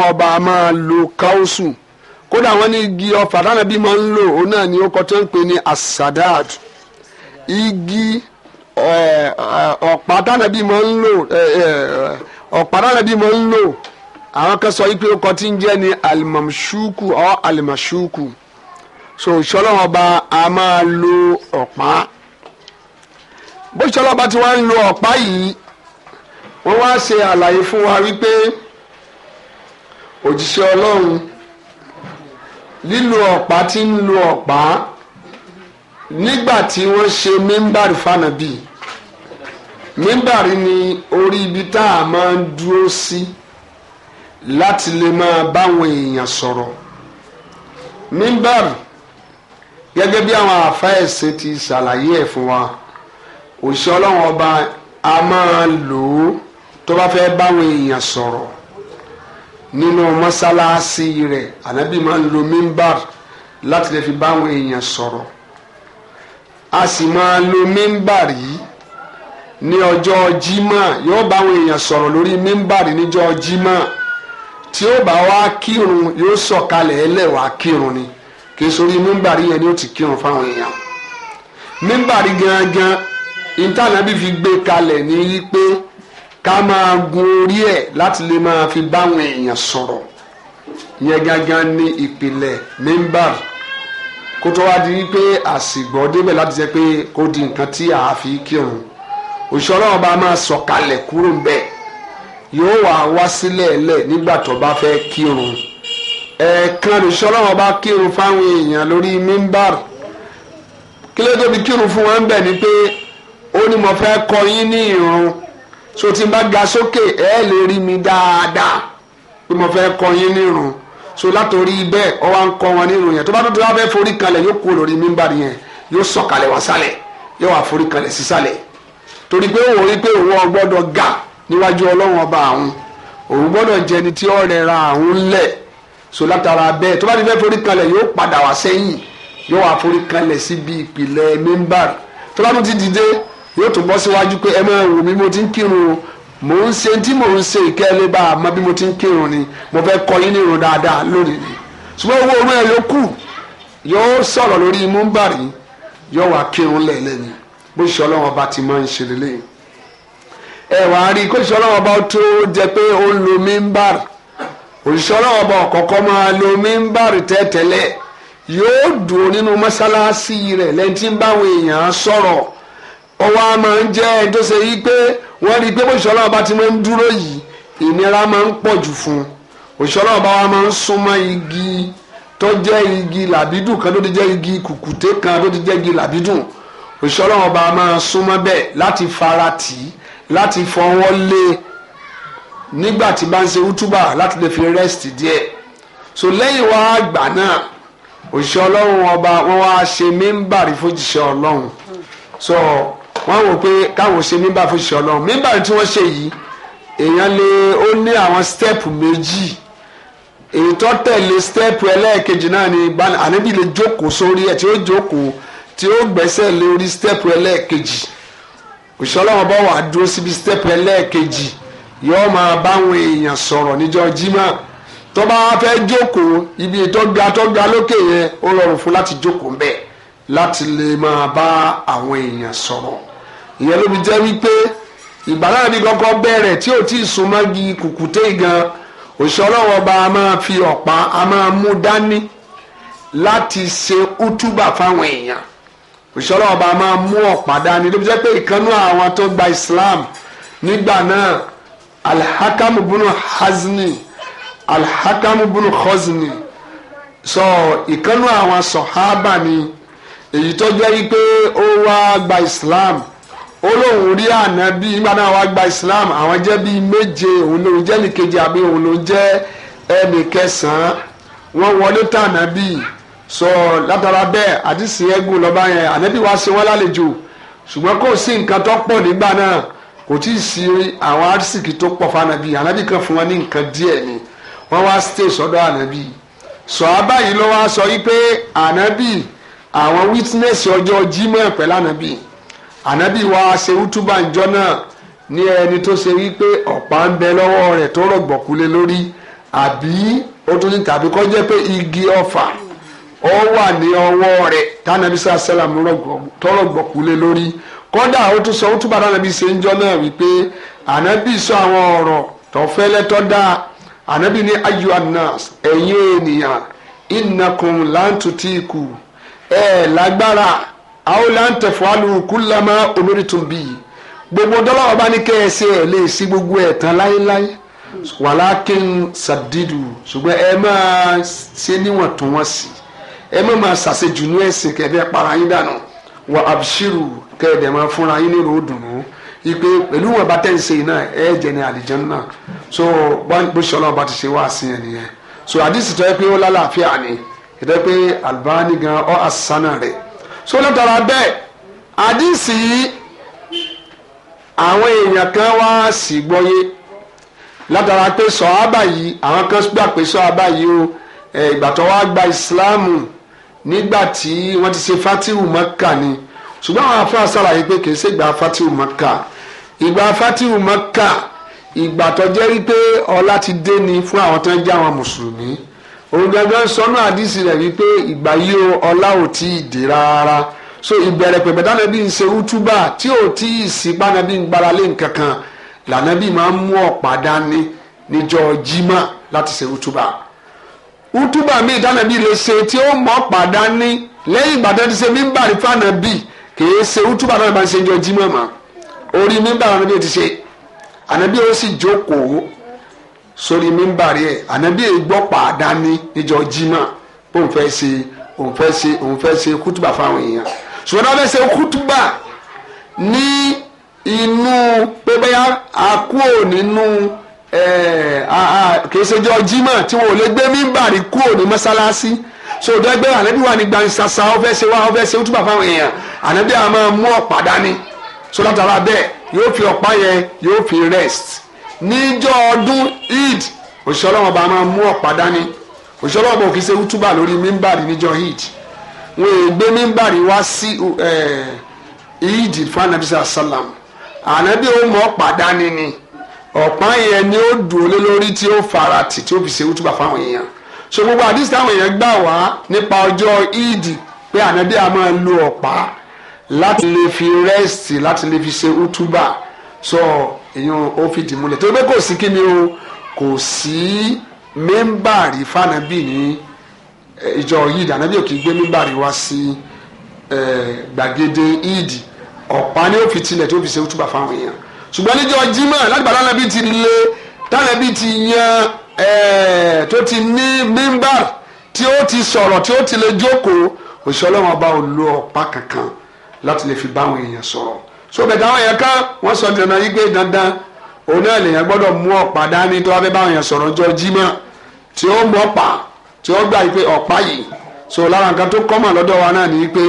ọlọ́run ọba máa lo káwùsù kódà wọ́n ní igi ọfà táwọn ẹbí máa ń lò òun náà ni ó kọ́ ń pè ní asadad igi ọ̀pá táwọn ẹbí máa ń lò ọ̀pá táwọn ẹbí máa ń lò àwọn kan sọ wípé ó kọ́ ń jẹ́ ní alimamshuku ọ́ alimashuku so ìṣọlọ́wọ́n ọba a máa lo ọ̀pá bó ìṣọlọ́wọ́n ọba ti wá ń lo ọ̀pá yìí wọ́n wá ṣe àlàyé fún wa wípé òjíṣẹ́ ọlọ́run lílo ọ̀pá tí ń lo ọ̀pá nígbà tí wọ́n ṣe mímbàrí fànàbí mímbàrí ni orí ibi tá a máa ń dúró sí láti lè máa báwọn èèyàn sọ̀rọ̀ mímbàrí gẹ́gẹ́ bí àwọn àfa ẹ̀sìn ti ṣàlàyé ẹ̀ fún wa òṣìṣẹ́ ọlọ́run ọba a máa lò ó tó bá fẹ́ báwọn èèyàn sọ̀rọ̀ nínú mọ́sálásí rẹ̀ ànábì máa ń lo mímbàr láti lè fi báwọn èèyàn sọ̀rọ̀ a sì máa lo mímbàr yìí ní ọjọ́ jimá yóò báwọn èèyàn sọ̀rọ̀ lórí mímbàr níjọ́ jimá tí ó bá wá kírun yóò sọ̀kalẹ̀ ẹlẹ́wà kírun ni kì í sórí mímbàr yẹn ni ó ti kírun fáwọn èèyàn mímbàr gangan ìtànàbí fi gbé kalẹ̀ ní wípé ká máa gun orí ẹ̀ láti lè máa fi báwọn èèyàn sọ̀rọ̀ yẹn gángan ní ìpìlẹ̀ mímbàr kó tó wá di wípé àsìgbọ́ débẹ̀ láti jẹ́ pé kó di nǹkan tí a fi kírun òṣìṣẹ́ ọlọ́run bá máa sọ̀kalẹ̀ kúrò ń bẹ̀ yóò wá wá sílẹ̀ lẹ̀ nígbà tó bá fẹ́ kírun ẹ̀ẹ̀kan òṣìṣẹ́ ọlọ́run bá kírun fáwọn èèyàn lórí mímbàr kí ló dé bí kírun fún wọn ń bẹ̀ ni pé ó ní mo fẹ́ kọ́ yín ní ìrun so tí n bá ga sókè ẹ lè rí mi dáadáa pé mo fẹ́ kọ́ yín nírun so látòrí bẹ́ẹ̀ ọ wá ń kọ́ wọn nírun yẹn tó bá tó tó bá fẹ́ forí kalẹ̀ yóò kú lórí mímbàrí yẹn yóò sọ̀kalẹ̀ wá sálẹ̀ yóò wá forí kalẹ̀ sísàlẹ̀ torí pé òun rí pé òun gbọ́dọ̀ ga níwájú ọlọ́run ọba àwọn òun gbọ́dọ̀ jẹ́ ẹni tí ó rẹra àwọn lẹ̀ so látara bẹ́ẹ̀ tó bá ti fẹ́ forí kalẹ̀ yóò padà wá sẹ́yìn yóò wá forí kalẹ̀ síbi ìpìlẹ̀ mímbàrí tó bá tó ti dìde yóò tún bọ́ síwájú pé ẹ máa wò mí mo ti ń kírun o mò ń se tí mò ń ṣe ìkẹ́lẹ́ bá a mọ bí mo ti ń kírun ni mo fẹ́ kọ yín ní irun dáadáa lónìí ni ṣùgbọ́n owó orun ẹ̀ yòókù yóò sọ̀rọ̀ lórí múmbàrí yóò wá kírun lẹ́lẹ́ni bó ṣe ọlọ́wọ́n ti máa ń ṣe lélẹ̀ ẹ wá rí i kó ṣe tó jẹ pé ó ń lo òṣìṣẹ́ máa lo yóò dùn nínú mọ́ṣáláṣí rẹ̀ lẹ́ni tí ọwọ́ a máa ń jẹ́ ẹni tó ṣe yí pé wọ́n rí i pé bóṣù ọlọ́run bá ti máa ń dúró yìí ìnira máa ń pọ̀ jù fún un òṣù ọlọ́run bá wa máa ń súnmọ́ igi tó jẹ́ igi làbídùn kan tó ti jẹ́ igi kùkùté kan tó ti jẹ́ igi làbídùn òṣù ọlọ́run bá máa súnmọ́ bẹ́ẹ̀ láti fara tì í láti fọwọ́ lé e nígbà tí bá ń ṣe útúbà láti lè fi rest díẹ̀ so lẹ́yìn wá àgbà náà òṣù ọlọ́run ọba wọn wá ṣe mímbàrí fún òjíṣẹ́ ọlọ́run so wọ́n wò pé káwọn ṣe mímbà fún ṣe ọlọ́run mímbà tí wọ́n ṣe yìí èèyàn lè ó ní àwọn stẹ́ẹ̀pù méjì èyí tó tẹ̀lé stẹ́ẹ̀pù ẹlẹ́ẹ̀kejì náà ni ànábì lè jókòó sórí ẹ̀ tí ó jókòó tí ó gbẹ́sẹ̀ lórí stẹ́ẹ̀pù ẹlẹ́ẹ̀kejì òṣìṣọ́lọ́wọ́n bá wà dúró síbi stẹ́ẹ̀pù ẹlẹ́ẹ̀kejì yóò máa báwọn èèyàn sọ̀rọ̀ níjọ́ jimá tó bá fẹ́ jókòó ibi tó ga tó ga lókè yẹn ó rọrùn fún láti jókòó ńbẹ̀ láti lè máa bá àwọn èèyàn sọ̀rọ̀ ìyẹn ló fi jẹ́ wípé ìgbà náà ní kọ́kọ́ bẹ̀rẹ̀ tí ò tí ì súnmọ́ gi kùkùté gan òṣìṣẹ́ ọlọ́wọ́ ọba a máa fi ọ̀pá a máa mú dání láti ṣe kútúbà fáwọn èèyàn òṣìṣẹ́ ọlọ́wọ́ a máa mú ọ̀pá dání ló fi jẹ́ pé ìkànnú àwọn tó gba Islam nígbà náà alhakamu bunu hazni alhakamu bunu khazni sọ ìkànnú àwọn sọ̀hábà ni èyí tó jẹ́ wípé ó wá gba Islam olóhùn rí ànábì nígbà náà wá gba islam àwọn jẹ́ bíi méje òun ló jẹ́ nìkejì àbí òun ló jẹ́ ẹnì kẹsàn-án wọ́n wọlé tán ànábì sọ látara bẹ́ẹ̀ àdìsí ẹ̀gùn lọ́ba yẹn ànábì wá sí wọn lálejò ṣùgbọ́n kò sí nǹkan tó pọ̀ nígbà náà kò tí ì sí àwọn arísìkì tó pọ̀ fún ànábì ànábì kan fún wọn ní nǹkan díẹ̀ ni wọ́n wá stay sọ́dọ̀ ànábì sọ abáyìí ló wá sọ yí pé ànábì àwọn witness ọjọ́ Jímọ̀ pẹ̀lú ànábì ànábì wa ṣe wútúbà ńjọ́ náà ní ẹni tó ṣe wípé ọ̀pá ń bẹ lọ́wọ́ rẹ̀ tó rọ̀gbọ̀kú lé lórí àbí ó tún ní tàbí kọ́ jẹ́ pé igi ọ̀fà ó wà ní ọwọ́ rẹ̀ tánàbí sá sẹ́làm tó rọ̀gbọ̀kú lé lórí kódà ó tún sọ wútúbà tánàbí ṣe ńjọ́ náà wípé ànábì sọ àwọn ọ̀rọ̀ tó fẹ́lẹ́ tó dáa ànábì ní ayu anas ẹ̀yin ènìyàn innakum lantuti ku ẹ̀ lágbára àwọn lantẹ fún alukulama olórí tún bí i gbogbo dọ́là ọba ní kẹ́ẹ̀sì ẹ̀ lè sí gbogbo ẹ̀ tán láéláé wàlákin sadidu ṣùgbọ́n ẹ máa ṣe níwọ̀ntúnwọ̀nsì ẹ má máa ṣàṣejù ní ẹ̀sìn kẹfẹ́ para yín dànù wà abṣiru kẹ́ẹ̀dẹ̀ máa fúnra yín nínú òdùnnú ipe pẹ̀lú wọn bá tẹ̀ ń ṣe ẹ jẹ ní àlìjẹun náà so bó ṣe ọlọ́run bá ti ṣe wá sí ẹ nìyẹn so àdìsí tó yẹ pé ó lálàáfíà ni ìdẹ́ pé Albani gan ọ́ àṣánà rẹ̀ so látara bẹ́ẹ̀ àdìsí àwọn èèyàn kan wá sí gbọ́yé látara pé sọ̀hábà yìí àwọn kan gbà pé sọ̀hábà yìí o ìgbà tó wá gba ìsìláàmù nígbà tí wọ́n ti ṣe fatihu mọ́kà ni ṣùgbọ́n àwọn afẹ́ àṣàlàyé pé kì ṣe ìgbà fatihu mọ́kà ìgbà fatihu mọ́kà ìgbà tó jẹ́ wípé ọlá ti dé ni fún àwọn tó ń jẹ́ àwọn mùsùlùmí òun gangan sọnù àdìsí rẹ̀ wípé ìgbà yìí o ọlá ò tí ì dé rárá so ìbẹ̀rẹ̀ pẹ̀pẹ̀ tánàbí ń ṣe rútúbà tí ò tí ì sí pánàbí ń gbára lé nǹkan kan lànàbí máa ń mú ọ̀pá dání níjọ́ jimá láti ṣe rútúbà rútúbà míì tánàbí lè ṣe tí ó mọ̀ ọ̀pá dání lẹ́yìn ìgbà tó ti ṣe mímbàrí fànàbí kìí ṣe rútúbà tánàbí ń ṣe níjọ́ jimá mà orí mímbàrí ànàbí ti ṣe ànàbí ó sì jókòó sórí mímbàrí ẹ̀ ànábì ègbọ́ pàdá ní níjọ́ jimá bó ń fẹ́ ṣe òun fẹ́ ṣe òun fẹ́ ṣe kútùbà fáwọn èèyàn ṣùgbọ́n náà fẹ́ ṣe kútùbà ní inú pé bóyá àkúò nínú kì í ṣèjọ jimá tí wọn ò lè gbé mímbàrí kúò ní mọ́sálásí so dẹgbẹ anabi wa ni gbansasa ọfẹ ṣe wa ọfẹ ṣe otúbà fáwọn èèyàn anabi a máa mú ọ̀pá dání so látara bẹ́ẹ̀ yóò fi ọ̀pá yẹn yóò fi rest níjọ́ ọdún eid òṣìṣẹ́ ọlọ́run ọba máa mú ọ̀pá dání òṣìṣẹ́ ọlọ́run ọba ò kì í ṣe wútúbà lórí mímbàrí níjọ́ eid wọn èè gbé mímbàrí wá sí eid fún anabi sallam anabi ó mọ ọ̀pá dání ni ọ̀pá yẹn ni ó dùn lé lórí tí ó fara tì tí ó fi ṣe wútúbà fáwọn èèyàn so gbogbo àdìsí táwọn èèyàn gbà wá nípa ọjọ́ eid pé anabi a máa lo ọ̀pá láti lè fi rẹ́sì láti lè fi ṣe wútúbà so èyí ó fìdí múlẹ̀ tó bẹ́ẹ̀ kò sí kí ni o kò sí mẹ́ńbàrì fànàbì ní ìjọ yìí ànábì ò kì í gbé mẹ́ńbàrì wá sí gbàgede ìdì ọ̀pá ni ó fi tilẹ̀ tó fi ṣe túbà fáwọn èèyàn ṣùgbọ́n níjọ jimá lágbàdo ànábì ti lé tànábì ti yan tó ti ní mẹ́ńbàrì tí ó ti sọ̀rọ̀ tí ó ti lè jókòó òṣìṣẹ́ ọlọ́run ọba ò lo ọ̀pá kankan láti lè fi báwọn èèyàn sọ̀rọ̀ so bẹ̀tẹ̀ àwọn yẹn kan wọ́n sọ dènà yí pé dandan òun náà lèyàn gbọ́dọ̀ mú ọ̀pá dání tó wá fẹ́ báwọn yẹn sọ̀rọ̀ jọ jímọ̀ tí ó mú ọ̀pá tí ó gbà yí pé ọ̀pá yìí so lára nǹkan tó kọ́mọ̀ lọ́dọ̀ wa náà ni pé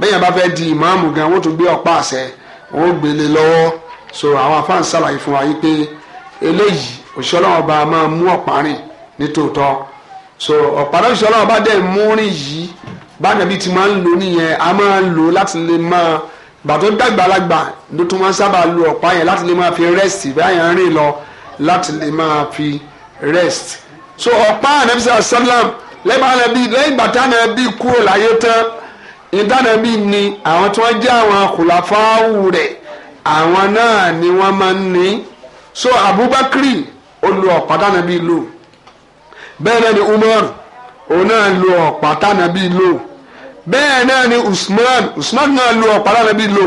bẹ́yẹn bá fẹ́ di ìmáàmù gan wọ́n tún gbé ọ̀pá àṣẹ wọ́n gbélé lọ́wọ́ so àwọn afáàn sàlàyé fún wa yí pé eléyìí òṣìṣẹ́ ọlọ́run ọba máa mú ọ̀pá rìn nítòótọ́ so ọ̀pá náà òṣìṣẹ́ ọlọ́run ọba dẹ̀ mú rìn yìí bá nàbí ti máa ń lò nìyẹn a máa gbàtó dàgbàlagbà ló tún máa ń sábà lu ọ̀pá yẹn láti lè máa fi rest báyà ń rìn lọ láti lè máa fi rest so ọ̀pá ànẹ́bísà sálàm lẹ́yìn bàtà náà bí kúrò láyé tán ìdáná bí ni àwọn tí wọ́n jẹ́ àwọn kòláfáwù rẹ̀ àwọn náà ni wọ́n máa ń ní so Abubakar ó lu ọ̀pá tánà bí lò bẹ́ẹ̀ náà ni Umar òun náà lu ọ̀pá tánà bí lò bẹ́ẹ̀ náà ni Usman Usman náà lo ọ̀pá lára bí lo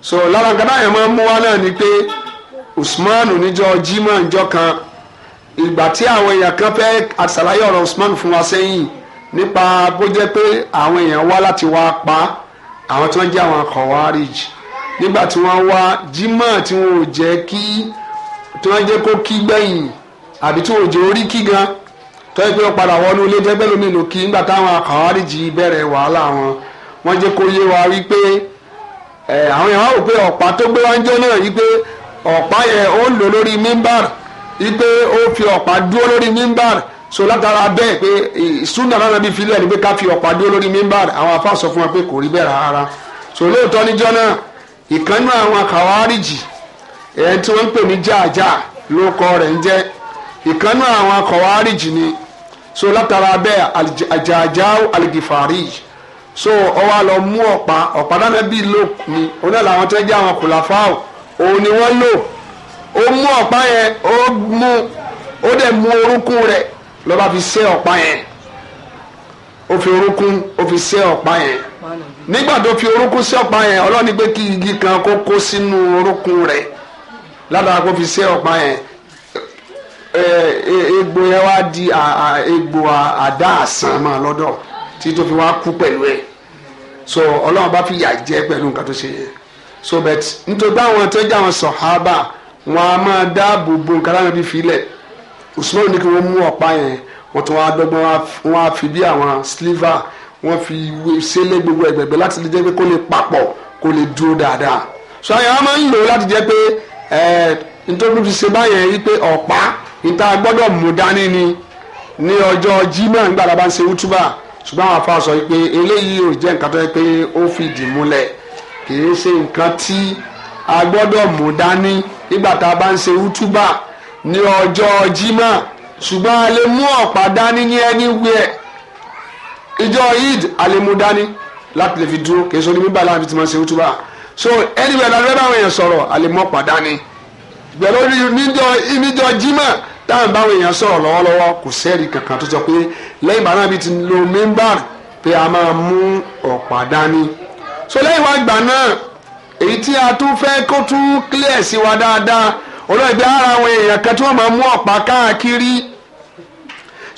so lára nǹkan báyìí máa ń mú wá náà ni pé Usman níjọ́ Jímọ̀ níjọ́ kan ìgbà tí àwọn èèyàn kan fẹ́ àṣàlàyé ọ̀rọ̀ Usman fún wa sẹ́yìn nípa bó jẹ́ pé àwọn èèyàn wá láti wá pa àwọn tí wọ́n jẹ́ àwọn Khawarij nígbà tí wọ́n wá Jímọ̀ tí wọ́n jẹ́ kí tí wọ́n jẹ́ kó kí gbẹ̀yìn àbí tí wọ́n jẹ́ orí kí gan tọ́yẹ pé ó padà wọnú ilé jẹ́gbẹ́ lómi nù kí nígbà táwọn àwárìjì bẹ̀rẹ̀ wàhálà wọn wọ́n jẹ́ kó yé wa rí pé àwọn èèyàn rò pé ọ̀pá tó gbé wájú náà yí pé ọ̀pá yẹn ó lò lórí mímbàr yí pé ó fi ọ̀pá dúró lórí mímbàr so látara bẹ́ẹ̀ pé ìsúná náà bí filẹ̀ ni pé ká fi ọ̀pá dúró lórí mímbàr àwọn afá sọ fún wa pé kò rí bẹ́ẹ̀ rárá so lóòótọ́ níjọ́ náà ìkànnú àwọn àwárìjì ẹ̀ tí wọ́n ń pè ní jáàjáà ló kọ́ rẹ̀ ń jẹ́ ìkànnú àwọn àwárìjì ni so látara bẹ́ẹ̀ àjàjáwò àlìgìfàrí so ọwọ́ lọ mú ọ̀pá ọ̀pá dáná bíi lò ní onílẹ̀ làwọn tẹ́jú àwọn kòláfáàwò òun ni wọ́n lò ó mú ọ̀pá yẹn ó mú ó dẹ̀ mú orúnkún rẹ̀ lọ́ba fi ṣe ọ̀pá yẹn ó fi orúnkún ó fi ṣe ọ̀pá yẹn nígbà tó fi orúnkún ṣe ọ̀pá yẹn ọlọ́ni pé kí igi kan kó kó sínú orúnkún rẹ̀ ládàá kó fi ṣe ọ̀pá yẹn E, egbò yẹn wá di egbò àdá àsán mọ́ lọ́dọ̀ tí tó fi wá kú pẹ̀lú ẹ̀ so ọlọ́run bá fi yà jẹ́ pẹ̀lú nǹkan tó ṣe yẹn so bet nítorí báwọn tó jẹ́ àwọn sọ̀hábà wọn a máa dáàbò bo nǹkan láwọn ibi filẹ̀ Usman ní kí wọ́n mú ọ̀pá yẹn wọ́n tún wá dọ́gbọ́n wọn á fi bí àwọn sliver wọ́n fi sẹ́lẹ̀ gbogbo ẹ̀gbẹ̀gbẹ̀ láti lè jẹ́ pé kó lè papọ̀ kó lè dúró dáadáa so àyàn wọn máa ń lò láti jẹ́ pé ẹ̀ nítorí fi ṣe báyẹn yí pé ọ̀pá ìta gbọ́dọ̀ mú dání ni ní ọjọ́ Jímọ̀ nígbà tá a bá ń ṣe wútúbà ṣùgbọ́n àwọn afáàsọ yìí pé eléyìí ò jẹ́ nǹkan tó yẹ pé ó fìdí múlẹ̀ kì ṣe nǹkan tí a gbọ́dọ̀ mú dání nígbà tá a bá ń ṣe wútúbà ní ọjọ́ Jímọ̀ ṣùgbọ́n a lè mú ọ̀pá dání ní anywhere ìjọ Eid a lè mú dání láti lè fi dúró kì ṣe onímọ̀ ìbàlá àti tí wọ́n ṣe wútúbà so anywhere la lọ́dọ̀ àwọn èèyàn sọ̀rọ̀ a lè mú ọ̀pá dání pẹ̀lú níjọ Jímọ̀ táwọn báwọn èèyàn sọ̀rọ̀ lọ́wọ́lọ́wọ́ kò sẹ́ẹ̀rì kankan tó sọ pé lẹ́yìn bá náà bí ti lo mímbàrì pé a máa mú ọ̀pá dání. so lẹ́yìn wá gbà náà èyí tí a tún fẹ́ kó tún clear sí wa dáadáa olóògbé ara àwọn èèyàn kan tí wọ́n máa mú ọ̀pá káàkiri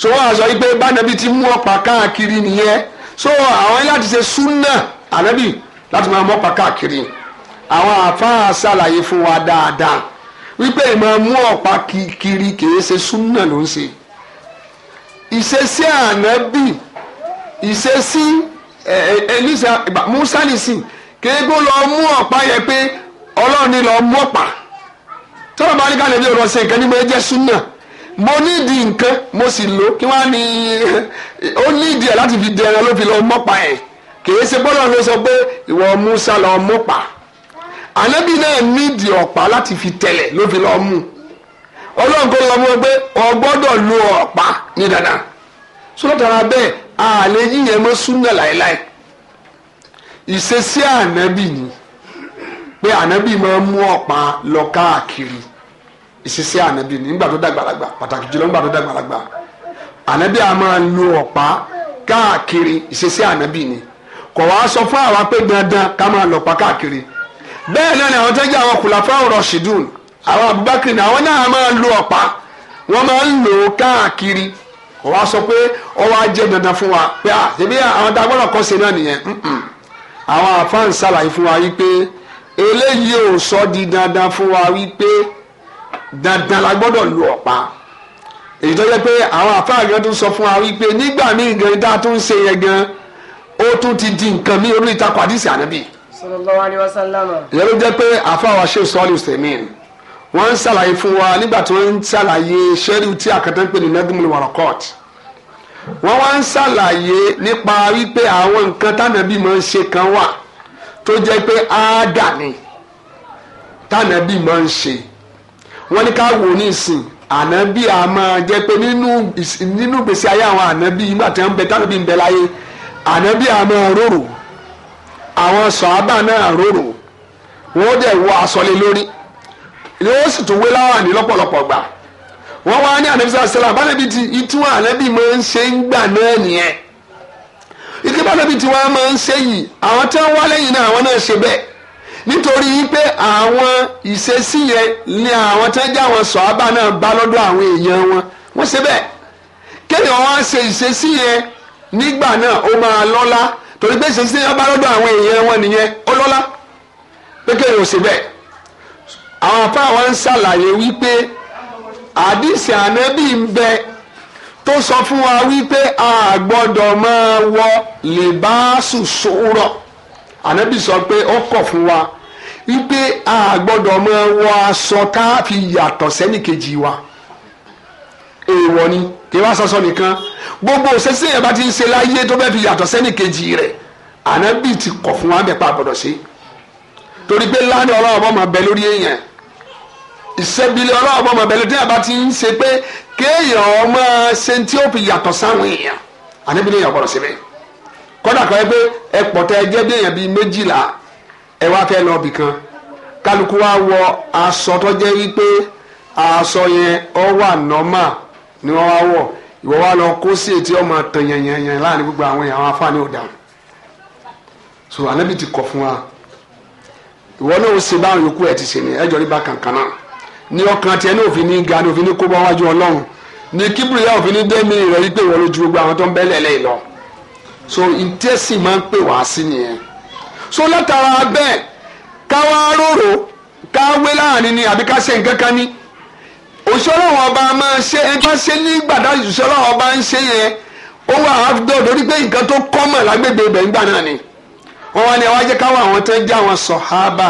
so wọ́n á sọ wípé bánàbí ti mú ọ̀pá káàkiri nìyẹn so àwọn láti ṣe súnà ànábì láti máa mú ọ̀pá káàkiri àwọn àfáà ṣàlàyé fún wa dáadáa wípé ìmọ̀ mú ọ̀pá kiri kìí ṣe súnà ló ń ṣe ìṣesí ànábì ìṣesí elisa musa nìsín kéégbó lọ mú ọ̀pá yẹ pé ọlọ́run ni lọ mú ọ̀pá tọ́lá bá ní ká lè bí ọ̀rọ̀ ṣe nǹkan ní mo jẹ́ súnà mo nídìí nǹkan mo sì lò kí wọ́n á ní ó nídìí ẹ̀ láti fi dẹran ló fi lọ mọ́pa ẹ̀ kìí ṣe bọ́lá ló sọ pé ìwọ musa lọ mọ́pa ànábì náà nídìí ọ̀pá láti fi tẹ̀lẹ̀ ló fi lọ́ọ́ mú ọlọ́run kò lọ mú ọ pé o gbọ́dọ̀ lo ọ̀pá ní dandan sọlọ́tara bẹ́ẹ̀ àlẹ́ yíyẹn mọ́ súnà láéláé ìṣesí ànábì ni pé ànábì máa ń mú ọ̀pá lọ káàkiri ìṣesí ànábì ni nígbà tó dàgbàlagbà pàtàkì jùlọ nígbà tó dàgbàlagbà ànábì a máa lo ọ̀pá káàkiri ìṣesí ànábì ni kò wá sọ fún àwa pé dandan ká máa lọ̀pá káàkiri bẹ́ẹ̀ náà ni àwọn tó ń jẹ́ àwọn kùlàfà rọ̀ṣìdùn àwọn Abubakar ni àwọn náà máa ń lo ọ̀pá wọ́n máa ń lò ó káàkiri kò wá sọ pé ó wá jẹ́ dandan fún wa pé à ah, ṣebí àwọn tá a gbọ́dọ̀ kọ́ ṣe náà nìyẹn àwọn àfáàn ṣàlàyé fún wa wípé eléyìí ò sọ di dandan fún wa wípé dandan la gbọ́dọ̀ lo ọ̀pá èyí tó yẹ pé àwọn àfáà gan tó ń sọ fún wa wípé nígbà míì gan tá a tún ṣe yẹn gan ó tún ti di nǹkan míì orí ìtakùn àdìsí ànábì sallallahu alayhi wa sallam. ìyẹn ló jẹ́ pé àfáwà ṣe sọ́ọ́lì sẹ́mìn wọ́n ń ṣàlàyé fún wa nígbà tí wọ́n ń ṣàlàyé ṣẹ́rí tí àkàtà ń pè ní nẹ́dìmùlù wàrọ̀kọ́t wọ́n wá ń ṣàlàyé nípa wípé àwọn nǹkan tánàbí máa ń ṣe kan wà tó jẹ́ pé áádà ni tánàbí máa ń ṣe wọ́n ní ká wò ní ìsìn ànábì a máa jẹ́ pé nínú ìgbésí ayé àwọn ànábì nígbà tí wọ́n ń bẹ tánàbí ń bẹ láyé ànábì a máa rorò àwọn sọ̀ábà náà rorò wọ́n dẹ̀ wọ aṣọlé lórí ni wọ́n sì tún wé láwọn ní lọ́pọ̀lọpọ̀ gbà wọ́n wá ní ànábì sàlám bánẹ́bí ti itú ànábì máa ń ṣe ń gbà náà nìyẹn ike bánẹ́bí ti wá máa ń ṣe yìí àwọn tí wọ́n wá lẹ́yìn náà àwọn náà ṣe bẹ́ẹ̀ nítorí pé àwọn ìṣesí yẹn ni àwọn tí wọ́n já àwọn sọ̀ábà náà bá lọ́dọ̀ àwọn èèyàn wọn wọ́n ṣe bẹ́ẹ̀ kéèyàn wá ṣe ìṣesí yẹn nígbà náà ó máa lọ́lá torí pé ṣe ṣe ọba lọ́dọ̀ àwọn èèyàn wọn nìyẹn ó lọ́lá pé kéèyàn ò sí bẹ́ẹ̀ àwọn afá wa ń ṣàlàyé wípé àdìsí ànábì ń bẹ tó sọ fún wa wípé a gbọ́dọ̀ máa wọ lèbáṣù sòrọ̀ ànábì sọ pé ó kọ̀ fún wa wípé a gbọ́dọ̀ máa wọ aṣọ tá a fi yàtọ̀ sẹ́nìkejì wa èèwọ̀ ni kí wá sọsọ nìkan gbogbo òṣèṣe yẹn bá ti ń ṣe láyé tó bẹ́ẹ̀ fi yàtọ̀ sẹ́nì kejì rẹ̀ ànábì ti kọ̀ fún wa bẹ́ẹ̀ pa àbọ̀dọ̀ sí torí pé lánàá ọlọ́wọ́ bọ́ máa bẹ lórí èèyàn ìṣẹ́bílẹ̀ ọlọ́wọ́ bọ́ máa bẹ lórí èèyàn bá ti ń ṣe pé kéèyàn máa ṣe tí ó fi yàtọ̀ sáwọn èèyàn ànábì lè yàn bọ̀rọ̀ síbẹ̀ kọ́dà kan pé ẹ pọ̀ tẹ ẹjẹ́ bí èèyàn bíi méjìlá ẹ wá fẹ́ lọ bì kan kálukú wa wọ aṣọ tó jẹ́ wípé aṣọ yẹn ọ wà nọ́mà ni wọ́n wá wọ̀ ìwọ wá lọ kó sí etí ọmọ tán yẹnyẹnyẹn láàrin gbogbo àwọn èèyàn àwọn afáàní ọ̀dà so anabi ti kọ̀ fún wa ìwọ náà ó ṣe báwọn yòókù ẹ̀ ti ṣe ni ẹjọ́ rí bá kankan náà ní ọkàn tiẹ̀ ní òfin ní ga ní òfin ní kó bá wájú ọlọ́run ní kíbrì yá òfin ní dẹ́mi rẹ̀ yí ìwọ ló gbogbo àwọn tó ń bẹ́lẹ̀ lẹ́yìn lọ so ìtẹ́sì máa ń pè wá sí nìyẹn so látara bẹ́ẹ̀ ká wá rorò ká láàrin ni àbí ká ṣe nǹkan kan ní òṣìṣẹ́ ọlọ́run ọba máa ṣe ẹni tó ṣe ní gbàdá òṣìṣẹ́ ọlọ́run ọba ń ṣe yẹn ó wà áfídọ́ torí pé nǹkan tó kọ́mọ̀ lágbègbè ibẹ̀ ńgbà náà ni wọ́n wá ní ẹ wá jẹ́ káwọn àwọn tẹ́ jẹ́ àwọn sọ̀hábà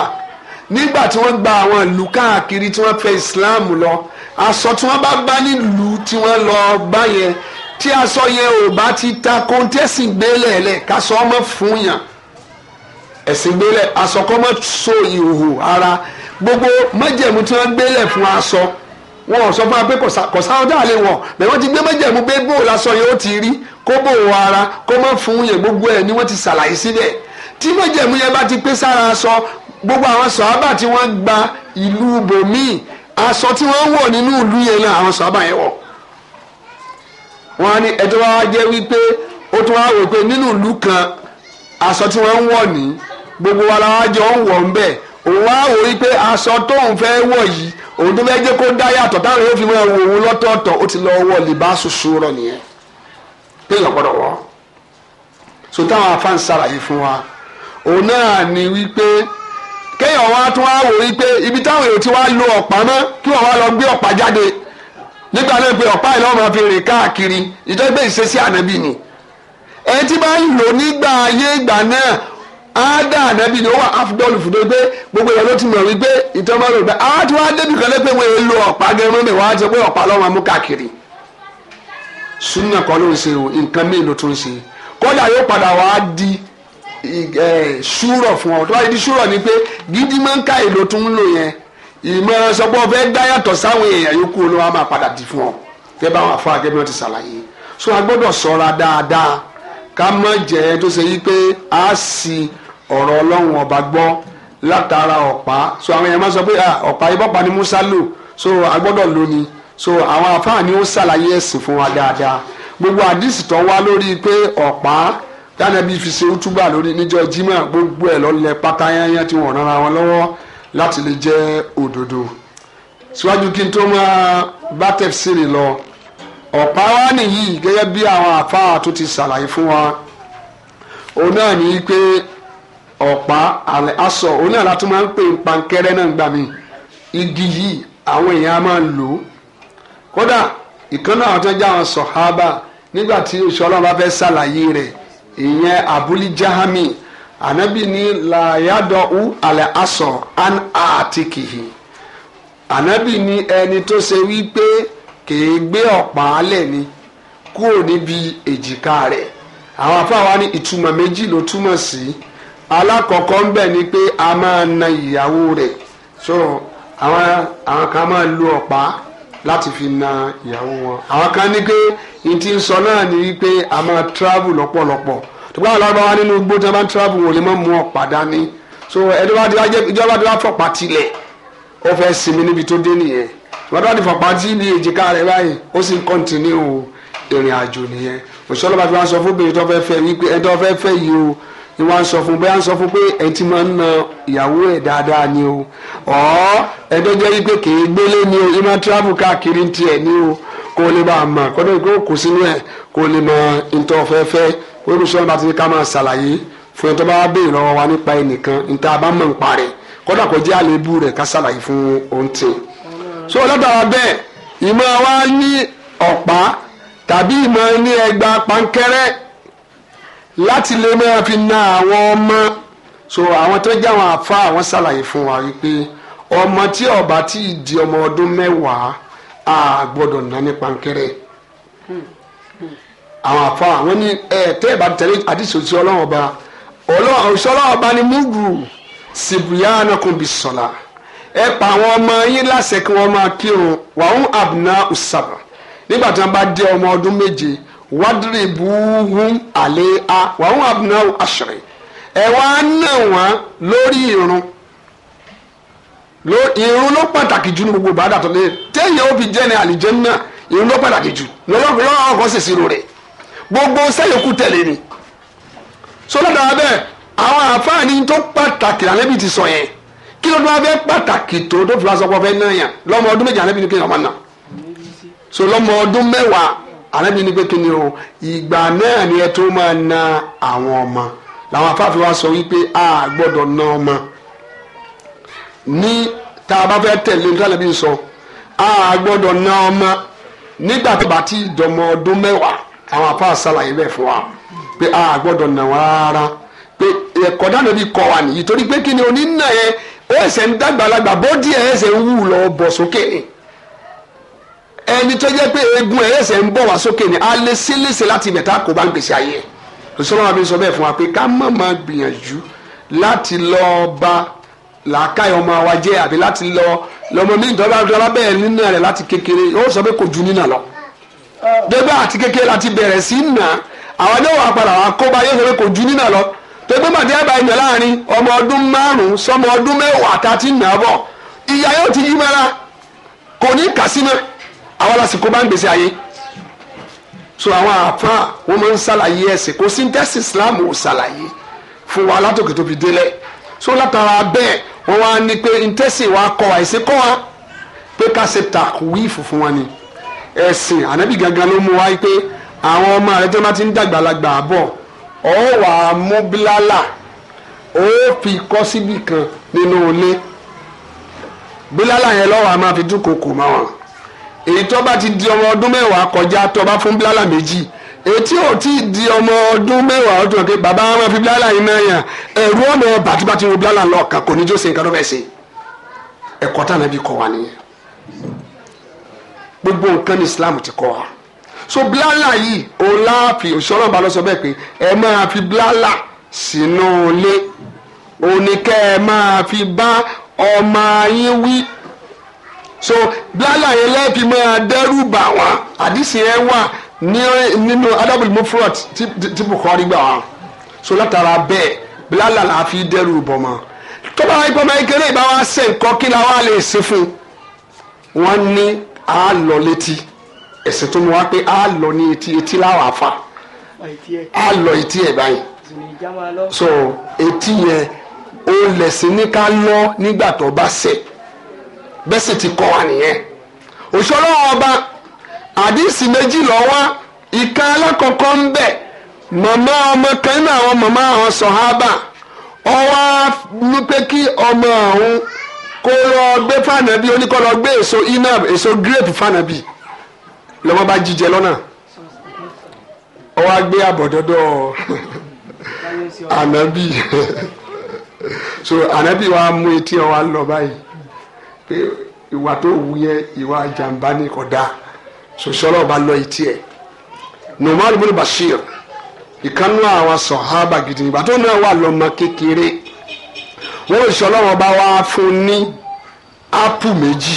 nígbà tí wọ́n gba àwọn ìlú káàkiri tí wọ́n fẹ́ Islam lọ aṣọ tí wọ́n bá bá nílùú tí wọ́n lọ bá yẹn tí aṣọ yẹn ò bá ti ta kóńtẹ́sì gbélé lẹ̀ káṣọ ọmọ fún yàn ẹ̀sìn gbélé aṣọ kọ́ mọ́ so ìhòhò ara gbogbo májẹ̀mú tí wọ́n gbélé fún aṣọ wọn ò sọ fún wa pé kò sáwọn dáa lè wọ̀ bẹ́ẹ̀ wọ́n ti gbé méjèèmú pé bó o lásán yóò ti rí kó bó o ara kó má fún yẹn gbogbo ẹ̀ ni wọ́n ti ṣàlàyé sílẹ̀ tí méjèèmú yẹn bá ti pé sára aṣọ gbogbo àwọn sọ̀hábà tí wọ́n gba ìlú bòmíì aṣọ tí wọ́n wọ̀ nínú ìlú yẹn náà àwọn sọ̀hábà yẹn wọ̀ wọ́n á ní ẹjọ́ wa jẹ́ wípé ó tún wá wò pé nínú ìlú kan aṣọ tí wọ́n ń wọ̀ ní gbogbo wa la wá ń wọ̀ ń bẹ̀ òun wá wò wípé aṣọ tóun fẹ́ wọ̀ yìí òun tó fẹ́ jẹ́ kó dá yàtọ̀ táwọn yóò fi máa wò òun lọ́tọ̀ọ̀tọ̀ ó ti lọ wọ̀ libaṣu sura nìyẹn téèyàn gbọ́dọ̀ wọ̀ so táwọn afáàn ṣàlàyé fún wa òun náà ni wípé kéèyàn wá tún wá wò wípé ibi táwọn èèyàn ti wá lo ọ̀pá mọ́ kí wọ́n wá lọ gbé ọ̀pá jáde nígbà náà pé ọ̀pá yìí lọ́wọ́ máa fi rìn káàkiri ìjọba ìṣesí ànábì ni ẹni tí bá ń lò nígbà ayé ìgbà náà Ada ànábì ni ó wà áfídọ́ọ̀lù fún pé gbogbo ìyàwó ti mọ̀ wípé ìtọ́mọ́ rẹ̀ pé àwọn ah, tí wọ́n á débi kan lẹ́pẹ́ wọn èlò ọ̀pá gẹ́gẹ́ mọ́ wọn á jẹ pé ọ̀pá lọ́wọ́ amú káàkiri súnà kọ́ ló ń ṣe o nǹkan míì ló tún ṣe kódà yóò padà wá di ṣúrọ̀ fún ọ tó bá di ṣúrọ̀ ni pé gidi máa ń ká èlò tún ń lò yẹn ìmọ̀ràn sọ pé ọ̀fẹ́ dá yàtọ̀ sáwọn èèyàn yòókù ló wá máa padà di fún ọ fẹ́ bá wọn àfọ akẹ́bí wọn ti ṣàlàyé so a gbọ́dọ̀ ṣọ́ra dáadáa ká má jẹ́ tó ṣe yí pé a sì. Si, ọ̀rọ̀ ọlọ́run ọba gbọ́ látara ọ̀pá so àwọn èèyàn máa sọ pé ah, ọ̀pá ibọ̀pá ni Musa lò so agbọ́dọ̀ lóni so àwọn àfáà ni ó ṣàlàyé ẹ̀sìn fún wa dáadáa gbogbo àdìsí tó wá lórí pé ọ̀pá dánàbí fi ṣe útúbà lórí níjọ́ Jímọ̀ gbogbo ẹ̀ lọ́lẹ̀ pátáyányá tí wọ́n rán ara wọn lọ́wọ́ láti lè jẹ́ òdodo síwájú kí n tó máa bá tẹ̀síìrì lọ ọ̀pá wa nìyí gẹ́gẹ́ bí àwọn àfáà tó ti ṣàlàyé fún wa òun náà ní pé ọ̀pá alasọ aṣọ òun náà látún máa ń pè pankẹ́rẹ́ náà gbà mí igi yìí àwọn èèyàn á máa lò ó kódà ìkànnì àwọn tó ń jẹ́ sọ̀hábà nígbà fẹ́ ṣàlàyé rẹ̀ ìyẹn abúlé jahami ànábì ní làyàdọ̀ u àlẹ́ aṣọ an àtìkìhì ànábì ní ẹni tó ṣe wípé ni kúrò níbi èjìká rẹ̀ àwọn afáwa ní ìtumọ̀ méjì ló túmọ̀ sí. Si alákọ̀ọ́kọ́ ń bẹ̀ ni pé a máa na ìyàwó rẹ̀ so àwọn àwọn kan máa lu ọ̀pá láti fi na ìyàwó wọn àwọn kan ní pé n ti sọ náà ni wípé a máa travel lọ́pọ̀lọpọ̀ tó bá lọ́wọ́ wa nínú igbó tí wọ́n bá ń travel wọ́n lè má mú ọ̀pá dání so ẹni wá ìjọba tí wọ́n fọ̀pá tilẹ̀ ó fẹ́ sinmi níbi tó dé nìyẹn ìwádìí wọ́n ti fọ̀pá tí ní èjìká rẹ̀ báyìí ó sì ń kọ́ntínú ìrìn àjò nìyẹn òṣìṣẹ́ ọlọ́pàá fi wá sọ fún obìnrin tó fẹ́ fẹ́ wípé ẹni tó fẹ́ fẹ́ yìí o ni wọ́n á sọ fún bẹ́ẹ̀ á sọ fún pé ẹ ti máa ń na ìyàwó ẹ̀ dáadáa ni o ọ̀ ẹ̀dọ́ jẹ́ wípé kìí gbélé ni o ìmọ̀ travel káàkiri ń tiẹ̀ ni o kó o lè bá a mọ̀ kọ́dọ̀ kó o kù sínú ẹ̀ kó o lè mọ ntọ́ fẹ́fẹ́ olùsọ̀rọ̀ bá ti ní ká máa ṣàlàyé fún ẹ tó bá béèrè lọ́wọ́ wa nípa ẹnìkan níta bá mọ̀ nípa rẹ̀ kọ́dọ̀ kó jẹ́ àlébù rẹ̀ ká ṣàlàyé fún ohun tí so látara bẹ́ẹ̀ ìmọ̀ wa ní ọ̀pá tàbí ìmọ̀ ní ẹgbàá pankẹ́rẹ́ láti lè máa fi na àwọn ọmọ so àwọn tó jẹ́ àwọn àfa àwọn ṣàlàyé fún wa wípé ọmọ tí ọba tí ì di ọmọ ọdún mẹ́wàá a gbọ́dọ̀ ná ní pankẹ́rẹ́ àwọn àfa àwọn ní ẹ tẹ́ ìbá tẹ̀lé àdìsòsí ọlọ́run ọba ọlọ́run ọba ni múdù sìbìyàn kò bí sọ̀la ẹ pa àwọn ọmọ yín láṣẹ kí wọ́n máa kírun wàhùn àbùnà ọ̀sàbà nígbà tí wọ́n bá dé ọmọ ọdún méje wadribuhum àléhà wàhùn abúnáwó àṣírí ẹ wá nà wọ́n lórí irun irun ló pàtàkì jù ní gbogbo ìbádà tó lé téèyàn ó fi jẹ́ ní àlìjẹ́nnà irun ló pàtàkì jù lọ́wọ́ lọ́wọ́ kan sì sírò rẹ̀ gbogbo sẹ́yìnkú tẹ̀lé ni sọlọ́dà abẹ́ àwọn àǹfààní tó pàtàkì ànábì ti sọ yẹn kí ló dún abẹ́ pàtàkì tó tó fi wá sọ pé ọ̀fẹ́ náà yàn lọ́mọ ọdún méjì ànábì ni kí ni ọmọ náà so lọ́mọ ọdún mẹ́wàá àrẹ́bí ní pé kí ni o ìgbà náà ni ẹ tó máa na àwọn ọmọ làwọn afáfin wa sọ wípé a gbọ́dọ̀ na ọmọ ní tá a bá fẹ́ tẹ̀lé nítorí àlẹ́bí sọ a gbọ́dọ̀ na ọmọ nígbà tó bá ti ọdún mẹ́wàá àwọn afá ṣàlàyé bẹ́ẹ̀ fún wa pé a gbọ́dọ̀ na wọn rárá pé ẹ̀kọ́ dáná bí kọ wa nìyí torí pé kí ni onínà yẹn ó ẹsẹ̀ ń dàgbàlagbà bó díẹ̀ ẹsẹ̀ ń wù lọ bọ̀ sókè ni ẹni tó jẹ́ pé egun ẹ̀ẹ́sẹ̀ ń bọ̀ wá sókè ni a lè sí léṣe láti ibẹ̀ tá a kò bá ń gbèsè ayé ẹ̀ òṣìṣẹ́ wọn sọ bẹ́ẹ̀ fún wa pé ká má máa gbìyànjú láti lọ ba làákàyè ọmọ wa jẹ́ àbí láti lọ lọmọ mi ìtọ́ bá dọ́lá bẹ́ẹ̀ nínú rẹ̀ láti kékeré ó sọ pé kò ju nínà lọ. débẹ́ àti kékeré láti bẹ̀rẹ̀ sí nà àwọn náà wà padà wà kó bá yóò sọ pé kò ju nínà lọ tó màdé àbá ìnà láàrin ọmọ ọdún márùn-ún sọmọ ọdún mẹ́wàá tá a ti nà bọ̀ ìyá yóò ti yí mẹ́ra kò ní kàsínà àwọn lásìkò bá ń gbèsè ayé so àwọn àáfàá wọn máa ń ṣàlàyé ẹsẹ kò sí tẹsí islam ò ṣàlàyé fún wa látòkè tó fi délẹ̀ so látara bẹ́ẹ̀ wọn wá ní pé ntẹsí wa kọ àìsí kọ wa pé ká ṣe tàwífù fún wa ni ẹsìn ànábì gangan ló mú wa pé àwọn ọmọ rẹ tó bá ti ń dàgbàlagbà bọ̀ ọ wà á mú bílálà ó fi kọ́ síbì kan nínú ilé bílálà yẹn lọ́wọ́ a máa fi dúnkokò mọ́ wọn èyí tó bá ti di ọmọ ọdún mẹ́wàá kọjá tó bá fún bílálà méjì ètí ò tí ì di ọmọ ọdún mẹ́wàá ọdún ọ̀kẹ́ bàbá wọn fi bílálà yìí náà yàn ẹ̀rú ọ̀nà ọba tó bá ti wo bílálà lọ́ọ̀kan kò ní jó nǹkan tó fẹ́ ṣe ẹ̀kọ́ tá nàbí kọ́ wa nìyẹn gbogbo nǹkan ní Islam ti kọ́ wa so bílálà yìí òun láàfin òṣìṣẹ́ ọlọ́ọ̀bá lọ sọ bẹ́ẹ̀ pé ẹ máa fi bílálà sínú ilé òun ẹ máa fi bá ọmọ yín wí so lálà yẹn lẹ́ẹ̀fi máa dẹ́rù bà wọ́n àdìsí yẹn wà nínú adabul mufrot tí Bukhari gbà wá so látara bẹ́ẹ̀ lálà la fi dẹ́rù bọ̀ mọ́ tó bá wáyé pọ́nmọ́ ìkéré ìbá wa ṣe nǹkan kí la wá lè ṣe fún un wọ́n ní a lọ létí ẹ̀sìn tó mú wa pé a lọ ní etí etí láwọn afa a lọ etí ẹ̀ báyìí so etí yẹn ó lẹ̀sìn ní ká lọ nígbà tó bá ṣẹ̀ bẹ́sẹ̀ ti kọ́ wa nìyẹn òṣèlú ọba àdìsí méjì lọ́wọ́ ìka alákọ̀ọ́kọ́ ń bẹ̀ màmá ọmọ kan nínú àwọn màmá àwọn sọ̀hábà ọwọ́ ní pé kí ọmọ àwọn kó lọ gbé fànàbí oníkọ́ gbé èso inab èso grape fànàbí lọ́mọ bá jíjẹ lọ́nà ọwọ́ gbé àbọ̀dọ́dọ́ ànábì so ànábì wa mú etí ọwọ́ lọ báyìí pé ìwà tó wù yẹn ìwà jàǹbá ní kọ̀dá sòsọ́lọ́ ọba lọ etí ẹ̀ Nu'man ibn Bashir ìkànnú àwọn sọ̀hábà gidi ìgbà tó náà wà lọ́mọ kékeré wọ́n lè sọ́lọ́ ọba wa fún ní ápù méjì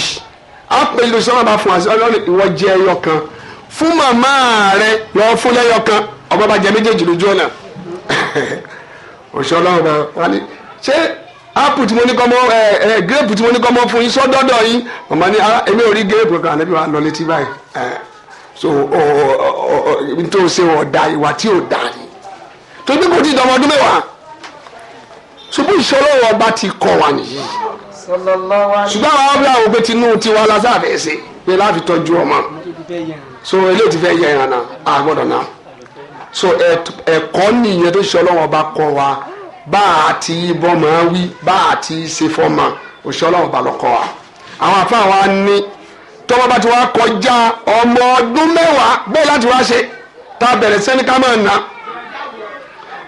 ápù méjì ló sọ́lọ́ ọba fún àṣọ ìwọ jẹ ẹyọ kan fún màmá rẹ lọ fún lẹ́yọ kan ọba bàjẹ́ méjèèjì lójú ọ̀nà òṣèlú ọba wọn ni ṣé apple tí mo ní kọ́mọ ẹ ẹ grape tí mo ní kọ́mọ fún yín sọ́dọ́dọ̀ yín màmá ní ah èmi ò rí grape kan ànábì wa lọ létí báyìí ẹ so ọ ọ ọ n tó ṣe ọ̀dà ìwà tí ò dà ní tó bí kò tí dọmọ ọdún mẹ́wàá ṣùgbọ́n ìṣọlọ́wọ́ ọba ti kọ́ wa nìyí ṣùgbọ́n àwọn ọba òwe tinú tiwa lásàfẹ́ ṣe pé láti tọ́jú ọmọ so eléyìí ti fẹ́ yẹ ìrànà àgbọ̀dọ̀ náà so ẹ̀kọ́ nìyẹn tó ṣọlọ́wọ́ ọba kọ́ bá a ti bọ́ máa wí bá a ti ṣe fọ́mà òṣìṣẹ́ ọlọ́run wa àwọn àfáà wa ní tọ́wọ́ bá ti wá kọjá ọmọ ọdún mẹ́wàá bẹ́ẹ̀ láti wá ṣe tá a bẹ̀rẹ̀ sẹ́ni ká máa nà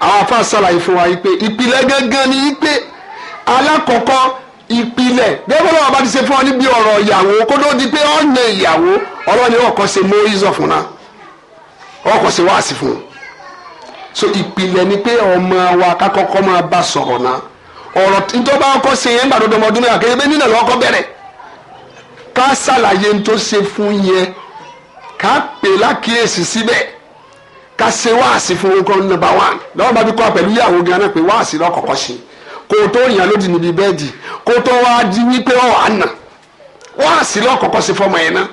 àwọn àfáà ṣàlàyé fún wa yìí ìpìlẹ̀ gangan ni yìí pé alákọ̀ọ́kọ́ ìpìlẹ̀ gẹ́gẹ́ bọ́lá ọba ti ṣe fún ọ níbi ọ̀rọ̀ ìyàwó kó tó di pé ọ̀nà ìyàwó ọlọ́ni ọkọ̀ ṣe mọ́ ìzọ̀ fún náà ọkọ̀ ṣe wáàsí fún un so ìpìlẹ̀ ni pé ọmọ wa kakọ́kọ́ máa bá sọ̀rọ̀ náà ọ̀rọ̀ tó bá kọ́ ṣe yẹn gbàdọ̀dọ̀ ọmọ ọdún mẹ́wàá kéde pé nínú ọkọ bẹ̀rẹ̀ ká ṣàlàyé ní tó ṣe fún yẹn ká pè lákìyèsí síbẹ̀ ká ṣe wáàsí fún orúkọ nọ́mbà wa lọ́wọ́ bá bí kọ́ pẹ̀lú ìyàwó gan náà pé wáàsí lọ́kọ̀ọ́kọ́ ṣe kó tó yàn lódì níbi bẹ́ẹ̀dì kó tó wá di wípé ọ̀ àná wáàsí lọ́kọ̀ọ́kọ́ ṣe fọmọ yẹn náà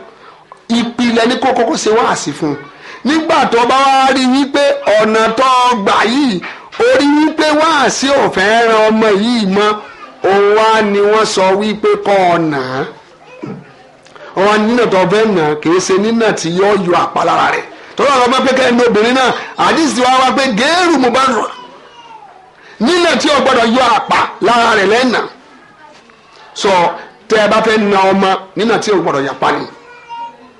ìpìlẹ̀ ní kó ṣe wáàsí fún un nígbà tó bá wá rí wípé ọ̀nà tó gbà yìí ó rí wípé wáàsí ò fẹ́ ran ọmọ yìí mọ́ òun wá ni wọ́n sọ wípé kọ́ ọ̀nà ọ̀nà nínà tó fẹ́ nà kìí ṣe nínà tí yóò yọ àpalára rẹ̀ tọ́lá ọ̀rọ̀ máa pé kẹ́hìn ní obìnrin náà àdìsí wa wá pé géèrú mo bá rọ̀ nínà tí o gbọ́dọ̀ yọ àpá lára rẹ̀ lẹ́nà sọ tẹ́ ẹ bá fẹ́ na ọmọ nínà tí o gbọ́dọ̀ yàpá nìyí